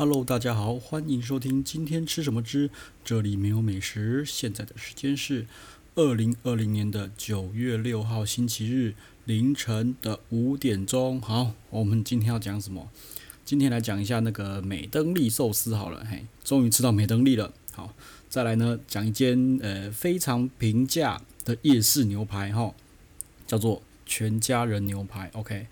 Hello，大家好，歡迎收聽今天吃什麼之，這裡沒有美食。現在的時間是二零二零年的九月六號星期日凌晨的五點鐘。好，我們今天要講什麼？今天來講一下那個美登利壽司。好了，嘿，終於吃到美登利了。好，再來呢，講一間呃非常平價的夜市牛排，哈、哦，叫做全家人牛排。OK，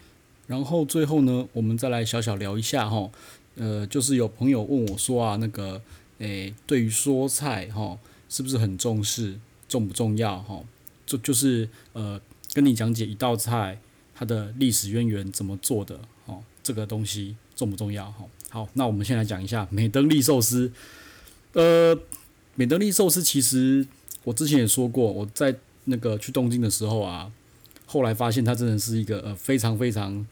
然後最後呢，我們再來小小聊一下，哈、哦。呃，就是有朋友問我說啊，那個，誒、欸，對於說菜吼，是不是很重視，重不重要吼？就就是呃，跟你講解一道菜它的歷史淵源怎麼做的吼，這個東西重不重要吼？好，那我們先來講一下美登利壽司。呃，美登利壽司其實我之前也說過，我在那個去東京的時候啊，後來發現它真的是一個呃非常非常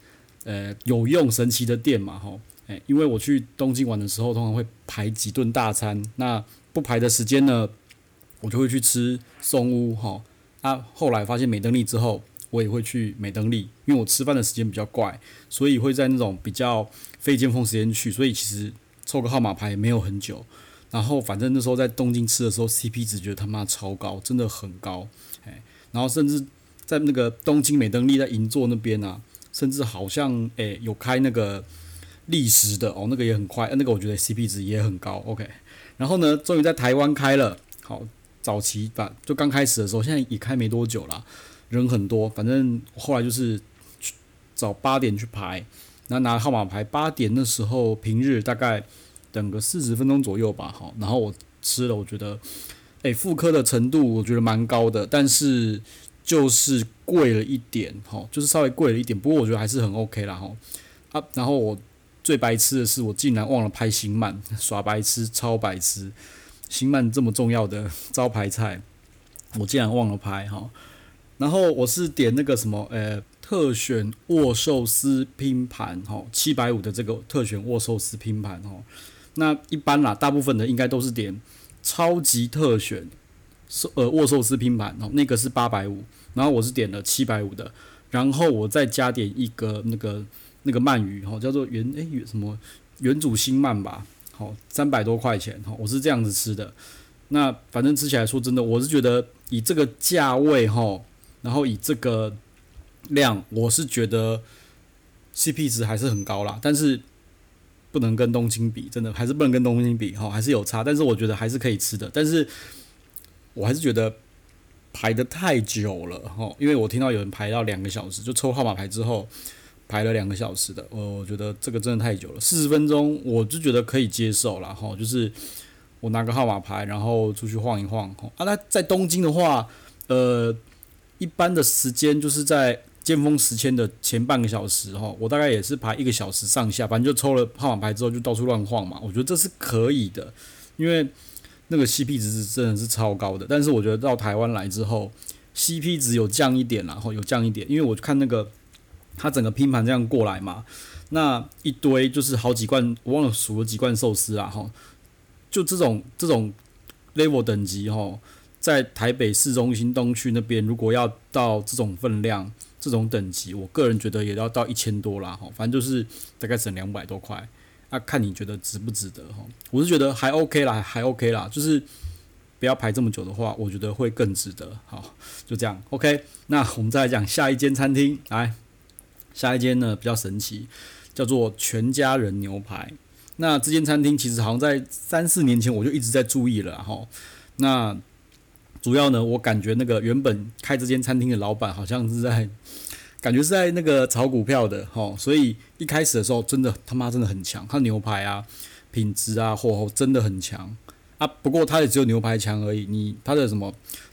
呃有用神奇的店嘛，吼。因為我去東京玩的時候，通常會排幾頓大餐。那不排的時間呢，我就會去吃松屋。哈、啊，那後來發現美登利之後，我也會去美登利，因為我吃飯的時間比較怪，所以會在那種比較非尖峰時間去。所以其實湊個號碼牌也沒有很久。然後反正那時候在東京吃的時候，CP 值覺得他媽超高，真的很高，哎。然後甚至在那個東京美登利在銀座那邊啊，甚至好像誒、哎、有開那個。歷時的哦，那個也很快，啊，那個我覺得 CP 值也很高，OK。然後呢，終於在台灣開了，好，早期吧，就剛開始的時候，現在已開沒多久了，人很多。反正後來就是早八點去排，然後拿號碼牌。八點那時候平日大概等個四十分鐘左右吧，好。然後我吃了，我覺得，誒，復刻的程度我覺得蠻高的，但是就是貴了一點，好，哦，就是稍微貴了一點。不過我覺得還是很 OK 啦，哈，哦。啊，然後我。最白痴的是，我竟然忘了拍星鰻，耍白痴，超白痴！星鰻這麼重要的招牌菜，我竟然忘了拍哈。然後我是點那個什麼，呃，特選握壽司拼盤哈，七百五的這個特選握壽司拼盤哈。那一般啦，大部分的應該都是點超級特選呃握壽司拼盤哦，那個是八百五。然後我是點了七百五的，然後我再加點一個那個。那個鰻魚哈，叫做原哎、欸、什麼原主新鰻吧，好三百多塊錢哈、哦，我是這樣子吃的。那反正吃起來說真的，我是覺得以這個價位哈、哦，然後以這個量，我是覺得 CP 值還是很高啦。但是不能跟東京比，真的還是不能跟東京比哈、哦，還是有差。但是我覺得還是可以吃的。但是我還是覺得排得太久了哈、哦，因為我聽到有人排到兩個小時，就抽號碼牌之後。排了兩個小時的，我、呃、我覺得這個真的太久了，四十分鐘我就覺得可以接受啦哈，就是我拿個號碼牌，然後出去晃一晃啊，那在東京的話，呃，一般的時間就是在尖峰時間的前半個小時哈，我大概也是排一個小時上下，反正就抽了號碼牌之後就到處亂晃嘛。我覺得這是可以的，因為那個 CP 值真的是超高的。但是我覺得到台灣來之後，CP 值有降一點啦，然後有降一點，因為我看那個。它整個拼盤這樣過來嘛？那一堆就是好幾貫，我忘了數了幾貫壽司啦！哈，就這種這種 level 等級哦，在台北市中心東區那邊，如果要到這種分量、這種等級，我個人覺得也要到一千多啦！哈，反正就是大概整兩百多塊，啊，看你覺得值不值得哈？我是覺得還 OK 啦，還 OK 啦，就是不要排這麼久的話，我覺得會更值得。好，就這樣 OK。那我們再來講下一間餐廳來。下一間呢，比較神奇，叫做全家人牛排。那這間餐廳其實好像在三四年前我就一直在注意了，哈。那主要呢，我感覺那個原本開這間餐廳的老闆好像是在，感覺是在那個炒股票的，哈。所以一開始的時候，真的他媽真的很強，他牛排啊，品質啊，火候真的很強啊。不過他也只有牛排強而已，你他的什麼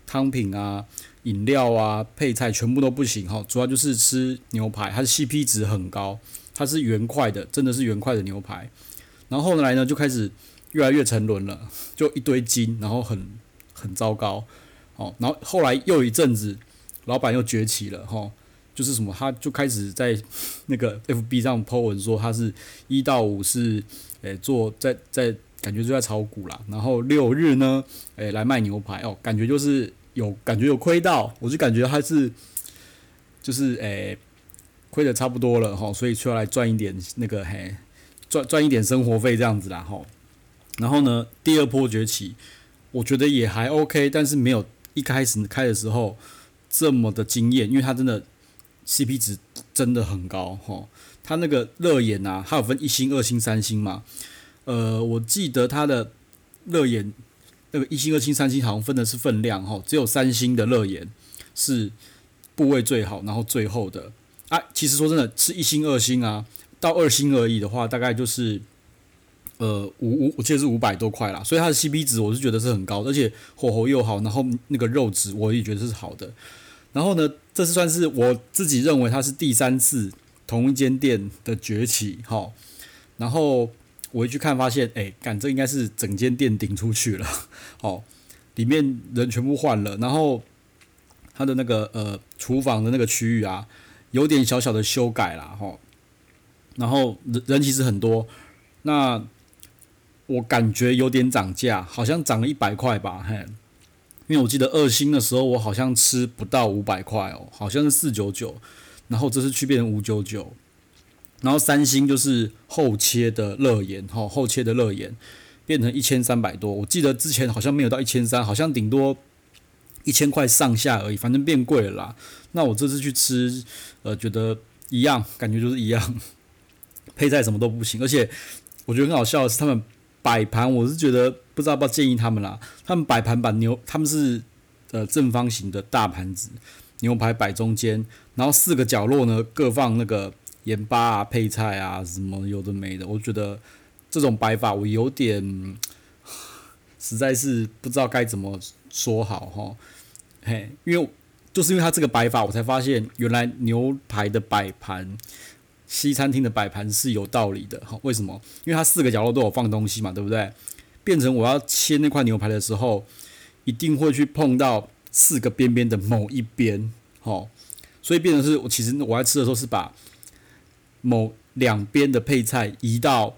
湯品啊，飲料啊，配菜全部都不行哈，主要就是吃牛排，它的 CP 值很高，它是原塊的，真的是原塊的牛排。然後後來呢，就開始越來越沉淪了，就一堆金，然後很很糟糕，哦，然後後來又一陣子，老闆又崛起了，哈，就是什麼，他就開始在那個 FB 上 PO 文說，他是一到五是，誒、哎、做在在，在感覺就在炒股啦，然後六日呢，誒、哎、來賣牛排哦，感覺就是。有感覺有虧到，我就感覺他是，就是誒，虧、欸、得差不多了哈，所以就要來賺一點那個嘿，賺、欸、賺一點生活費這樣子啦哈。然後呢，第二波崛起，我覺得也還 OK，但是沒有一開始開的時候這麼的驚豔，因為它真的 CP 值真的很高哈。它那個熱眼吶、啊，它有分一星、二星、三星嘛，呃，我記得它的熱眼。那個一星、二星、三星好像分的是分量哈，只有三星的肋眼是部位最好，然後最厚的啊。其實說真的是一星、二星啊，到二星而已的話，大概就是呃五五，我記得是五百多塊啦，所以它的 CP 值我是覺得是很高，而且火候又好，然後那個肉質我也覺得是好的。然後呢，這次算是我自己認為它是第三次同一間店的崛起哈，然後。我一去看，發現誒，趕、欸、這應該是整間店頂出去了，哦，裡面人全部換了，然後他的那個呃廚房的那個區域啊，有點小小的修改了哈、哦，然後人人其實很多，那我感覺有點漲價，好像漲了一百塊吧，嘿，因為我記得二星的時候我好像吃不到五百塊哦，好像是四九九，然後這次去變成五九九。然後三星就是厚切的肋眼，厚切的肋眼變成一千三百多，我記得之前好像沒有到一千三，好像頂多一千塊上下而已，反正變貴了啦。那我這次去吃，呃，覺得一樣，感覺就是一樣，配菜什麼都不行。而且我覺得很好笑的是，他們擺盤，我是覺得不知道要不要建議他們啦。他們擺盤把牛，他們是呃正方形的大盤子，牛排擺中間，然後四個角落呢各放那個。鹽巴啊、配菜啊什麼有的沒的，我覺得這種擺法我有點實在是不知道該怎麼說好哈。嘿，因為就是因為它這個擺法，我才發現原來牛排的擺盤、西餐廳的擺盤是有道理的哈。為什麼？因為它四個角落都有放東西嘛，對不對？變成我要切那塊牛排的時候，一定會去碰到四個邊邊的某一邊，好，所以變成是，我其實我在吃的時候是把。某兩邊的配菜移到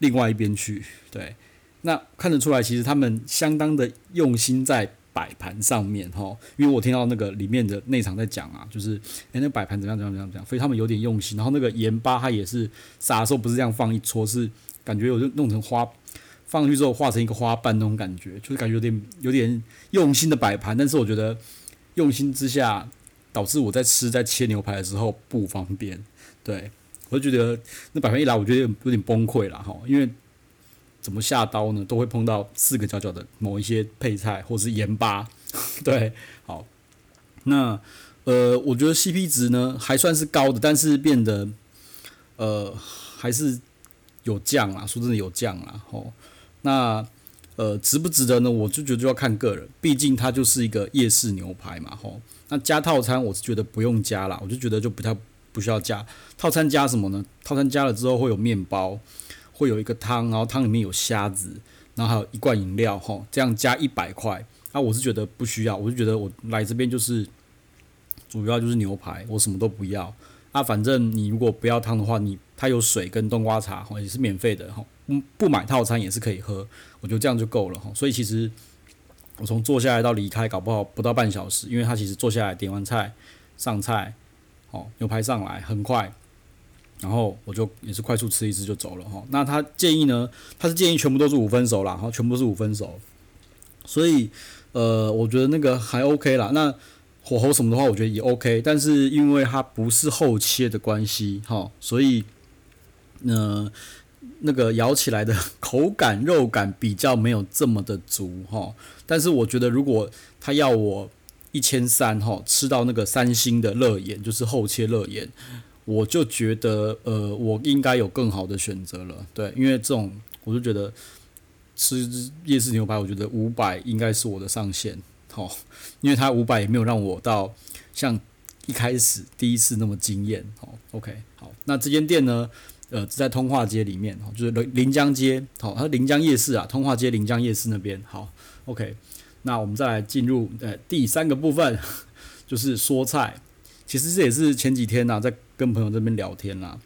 另外一邊去，對，那看得出來，其實他們相當的用心在擺盤上面，哈，因為我聽到那個裡面的內場在講啊，就是哎、欸，那擺盤怎樣怎樣怎樣怎樣，所以他們有點用心。然後那個鹽巴，它也是啥的時候不是這樣放一撮，是感覺我就弄成花，放上去之後化成一個花瓣那種感覺，就是感覺有點有點用心的擺盤。但是我覺得用心之下，導致我在吃在切牛排的時候不方便，對。我就覺得那百分一來，我覺得有點崩潰了哈，因為怎麼下刀呢，都會碰到四個角角的某一些配菜或者是鹽巴，對，好，那呃，我覺得 CP 值呢還算是高的，但是變得呃還是有降了，說真的有降了哈，哦，那呃值不值得呢？我就覺得就要看個人，畢竟它就是一個夜市牛排嘛哈，哦，那加套餐我是覺得不用加了，我就覺得就不太。不需要加套餐，加什麼呢？套餐加了之後會有麵包，會有一個湯，然後湯裡面有蝦子，然後還有一罐飲料吼，這樣加一百塊啊，我是覺得不需要，我就覺得我來這邊就是主要就是牛排，我什麼都不要啊。反正你如果不要湯的話，你它有水跟冬瓜茶也是免費的哈，嗯，不買套餐也是可以喝，我覺得這樣就夠了。所以其實我從坐下來到離開，搞不好不到半小時，因為它其實坐下來點完菜上菜。哦，牛排上來很快，然後我就也是快速吃一次就走了哈。那他建議呢？他是建議全部都是五分熟啦，然後全部都是五分熟。所以，呃，我覺得那個還 OK 啦。那火候什麼的話，我覺得也 OK。但是因為它不是厚切的關係哈，所以，嗯、呃，那個咬起來的口感肉感比較沒有這麼的足哈。但是我覺得如果他要我。一千三哈，吃到那個三星的肋眼，就是厚切肋眼，我就覺得呃，我應該有更好的選擇了，對，因為這種我就覺得吃夜市牛排，我覺得五百應該是我的上限，好、哦，因為它五百也沒有讓我到像一開始第一次那麼驚艷，好，OK，好，那這間店呢，呃，在通化街裡面，哦，就是臨臨江街，好、哦，它臨江夜市啊，通化街臨江夜市那邊，好，OK。那我們再來進入呃第三個部分，就是說菜。其實這也是前幾天呢、啊，在跟朋友這邊聊天啦、啊，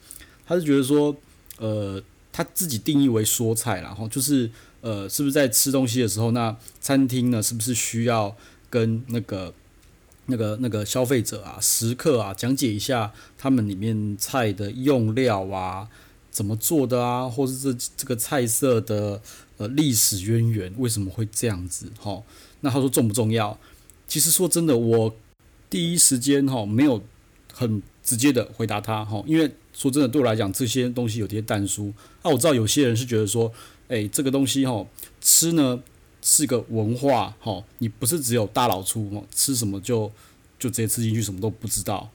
他是覺得說，呃，他自己定義為說菜，然後就是呃，是不是在吃東西的時候，那餐廳呢，是不是需要跟那個那個那個消費者啊、食客啊，講解一下他們裡面菜的用料啊，怎麼做的啊，或是這這個菜色的。歷史淵源，為什麼會這樣子？哈，那他說重不重要？其實說真的，我第一時間哈沒有很直接的回答他哈，因為說真的，對我來講這些東西有些但書。那、啊、我知道有些人是覺得說，誒、欸，這個東西哈吃呢是個文化哈，你不是只有大老粗吃什麼就就直接吃進去，什麼都不知道，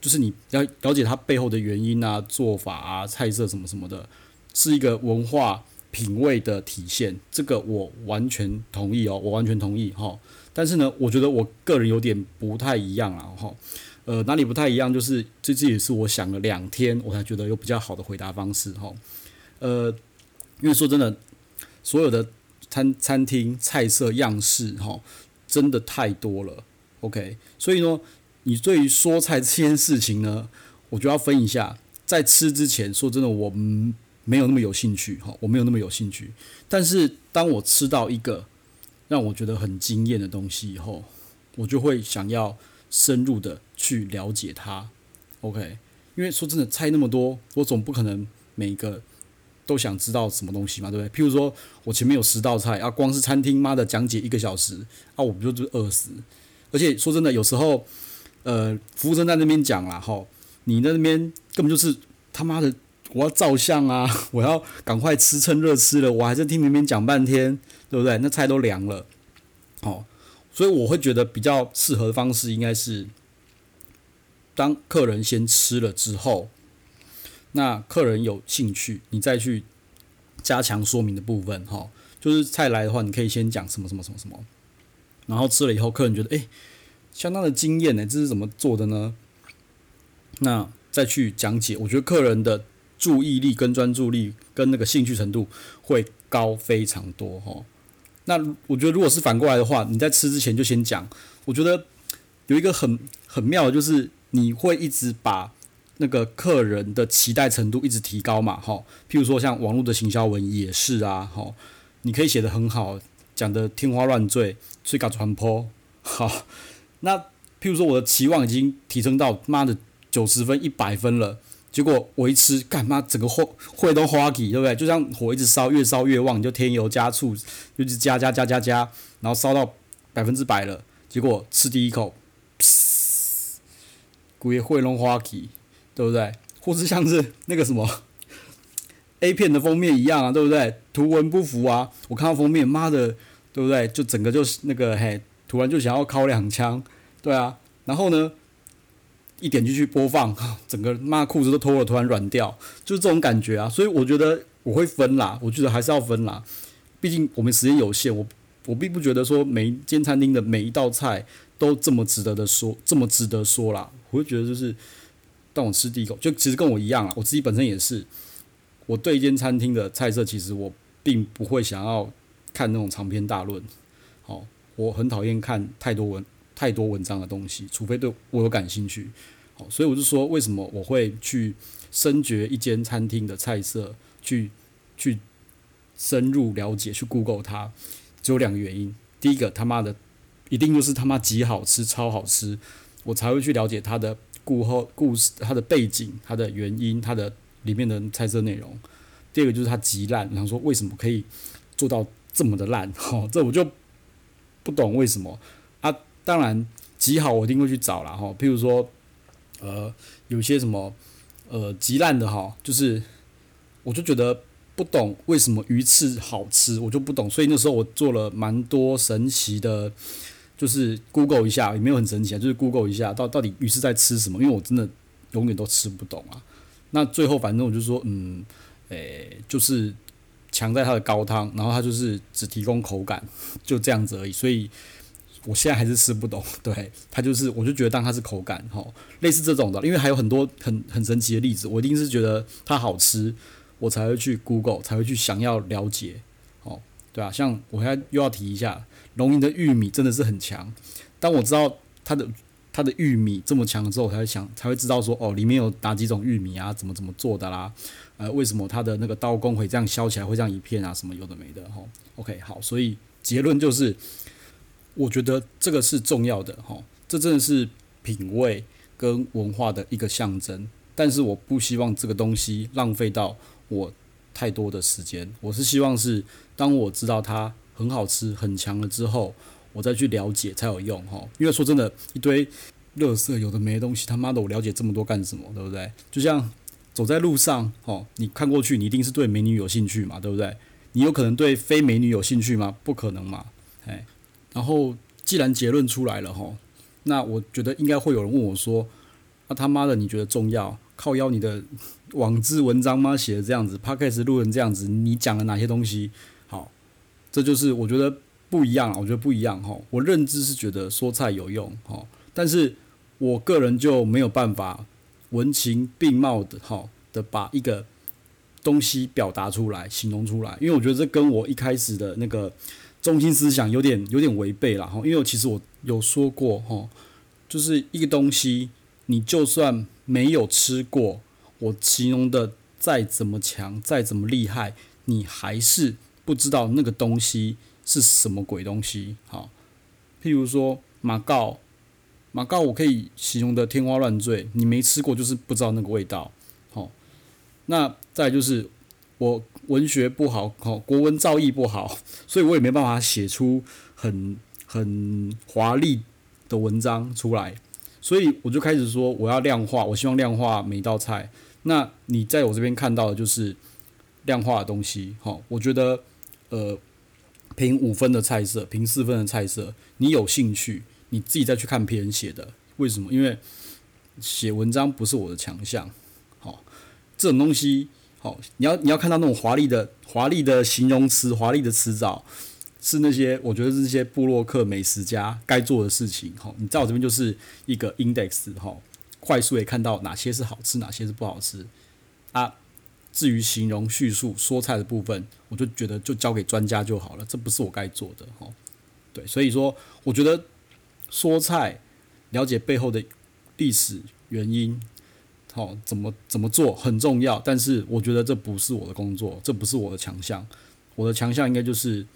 就是你要了解它背後的原因啊、做法啊、菜色什麼什麼的，是一個文化。品味的體現，這個我完全同意哦，我完全同意哈。但是呢，我覺得我個人有點不太一樣了哈。呃，哪裡不太一樣？就是這這也是我想了兩天，我才覺得有比較好的回答方式哈。呃，因為說真的，所有的餐餐廳菜色樣式哈，真的太多了。OK，所以呢，你對於說菜這件事情呢，我就要分一下，在吃之前，說真的，我們。嗯沒有那麼有興趣哈，我沒有那麼有興趣。但是當我吃到一個讓我覺得很驚艷的東西以後，我就會想要深入的去了解它。OK，因為說真的，菜那麼多，我總不可能每一個都想知道什麼東西嘛，對不對？譬如說我前面有十道菜，啊，光是餐廳媽的講解一個小時，啊，我不就是餓死？而且說真的，有時候，呃，服務生在那邊講啦哈，你在那邊根本就是他媽的。我要照相啊！我要趕快吃，趁熱吃了。我還是聽明明講半天，對不對？那菜都涼了，哦。所以我會覺得比較適合的方式應該是，當客人先吃了之後，那客人有興趣，你再去加強說明的部分。哈、哦，就是菜來的話，你可以先講什麼什麼什麼什麼，然後吃了以後，客人覺得哎、欸，相當的驚豔呢，這是怎麼做的呢？那再去講解，我覺得客人的。注意力跟專注力跟那個興趣程度會高非常多哈。那我覺得如果是反過來的話，你在吃之前就先講，我覺得有一個很很妙的就是你會一直把那個客人的期待程度一直提高嘛哈。譬如說像網絡的行銷文也是啊、哈，你可以寫得很好，講得天花亂墜，最佳傳播哈，那譬如說我的期望已經提升到媽的九十分一百分了。結果我一吃，幹嘛？整個火會都花起，對不對？就像火一直燒，越燒越旺，你就添油加醋，就是加，加加加加加，然後燒到百分之百了。結果吃第一口，估計會弄花起，對不對？或是像是那個什麼 A 片的封面一樣啊，對不對？圖文不符啊，我看到封面，媽的，對不對？就整個就是那個嘿，突然就想要敲兩槍，對啊。然後呢？一點進去播放，整個媽褲子都脫了，突然軟掉，就是這種感覺啊！所以我覺得我會分啦，我覺得還是要分啦，畢竟我們時間有限。我我並不覺得說每一間餐廳的每一道菜都這麼值得的說，這麼值得說啦。我會覺得就是，當我吃第一口，就其實跟我一樣啊，我自己本身也是，我對一間餐廳的菜色，其實我並不會想要看那種長篇大論。好、哦，我很討厭看太多文太多文章的東西，除非對我有感興趣。所以我就說，為什麼我會去深掘一間餐廳的菜色，去去深入了解，去 Google 它，只有兩個原因。第一個，他媽的，一定就是他媽極好吃、超好吃，我才會去了解它的故後故事、它的背景、它的原因、它的裡面的菜色內容。第二個就是它極爛，然後說為什麼可以做到這麼的爛？哈、哦，這我就不懂為什麼。啊，當然極好，我一定會去找啦哈、哦。譬如說。呃，有些什麼呃極爛的哈，就是我就覺得不懂為什麼魚翅好吃，我就不懂。所以那時候我做了蠻多神奇的，就是 Google 一下，也沒有很神奇啊，就是 Google 一下到到底魚翅在吃什麼，因為我真的永遠都吃不懂啊。那最後反正我就說，嗯，誒，就是強在它的高湯，然後它就是只提供口感，就這樣子而已。所以。我現在還是吃不懂，對，它就是，我就覺得當它是口感，吼，類似這種的，因為還有很多很很神奇的例子，我一定是覺得它好吃，我才會去 Google，才會去想要了解，哦，對啊，像我現在又要提一下龍吟的玉米真的是很強，當我知道它的它的玉米這麼強之後，我才會想才會知道說哦，裡面有哪幾種玉米啊，怎麼怎麼做的啦、啊，呃，為什麼它的那個刀工會這樣削起來會這樣一片啊，什麼有的沒的，吼。OK，好，所以結論就是。我覺得這個是重要的哈，這真的是品味跟文化的一個象徵。但是我不希望這個東西浪費到我太多的時間。我是希望是當我知道它很好吃很強了之後，我再去了解才有用哈。因為說真的，一堆垃圾有的沒的東西，他媽的，我了解這麼多幹什麼？對不對？就像走在路上，你看過去，你一定是對美女有興趣嘛，對不對？你有可能對非美女有興趣嗎？不可能嘛，哎然後，既然結論出來了哈，那我覺得應該會有人問我說：“那、啊、他媽的，你覺得重要？靠腰你的網誌文章嗎？寫的這樣子 Podcast 錄成這樣子，你講了哪些東西？”好，這就是我覺得不一樣。我覺得不一樣哈。我認知是覺得說菜有用哈，但是我個人就沒有辦法文情並茂的哈的把一個東西表達出來、形容出來，因為我覺得這跟我一開始的那個。中心思想有點有點違背了哈，因為我其實我有說過哈，就是一個東西，你就算沒有吃過，我形容的再怎麼強再怎麼厲害，你還是不知道那個東西是什麼鬼東西。哈，譬如說馬告，馬告我可以形容的天花亂墜，你沒吃過就是不知道那個味道。好，那再就是我。文學不好，好、哦、國文造詣不好，所以我也沒辦法寫出很很華麗的文章出來，所以我就開始說我要量化，我希望量化每道菜。那你在我這邊看到的就是量化的東西，好、哦，我覺得呃，評五分的菜色，評四分的菜色，你有興趣，你自己再去看別人寫的，為什麼？因為寫文章不是我的強項，好、哦，這種東西。好、哦，你要你要看到那種華麗的華麗的形容詞華麗的詞藻，是那些我覺得是那些部落客美食家該做的事情。好、哦，你在我這邊就是一個 index，哈、哦，快速也看到哪些是好吃，哪些是不好吃。啊，至於形容敘述說菜的部分，我就覺得就交給專家就好了，這不是我該做的。哈、哦，對，所以說我覺得說菜了解背後的歷史原因。好、哦，怎麼怎麼做很重要，但是我覺得這不是我的工作，這不是我的強項。我的強項應該就是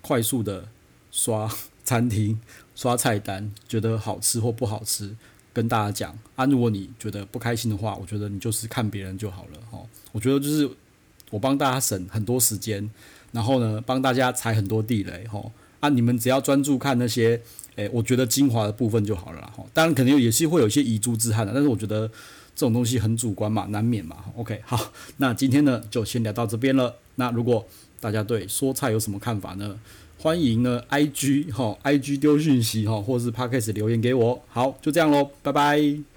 快速的刷餐廳、刷菜單，覺得好吃或不好吃跟大家講。啊，如果你覺得不開心的話，我覺得你就是看別人就好了。哦，我覺得就是我幫大家省很多時間，然後呢，幫大家踩很多地雷。哈、哦，啊，你們只要專注看那些，誒，我覺得精華的部分就好了、哦。當然肯定也是會有一些遺珠之憾的，但是我覺得。這種東西很主觀嘛，難免嘛。OK，好，那今天呢就先聊到這邊了。那如果大家對說菜有什麼看法呢？歡迎呢 IG 哈、哦，IG 丟訊息哈、哦，或是 Podcast 留言給我。好，就這樣嘍，拜拜。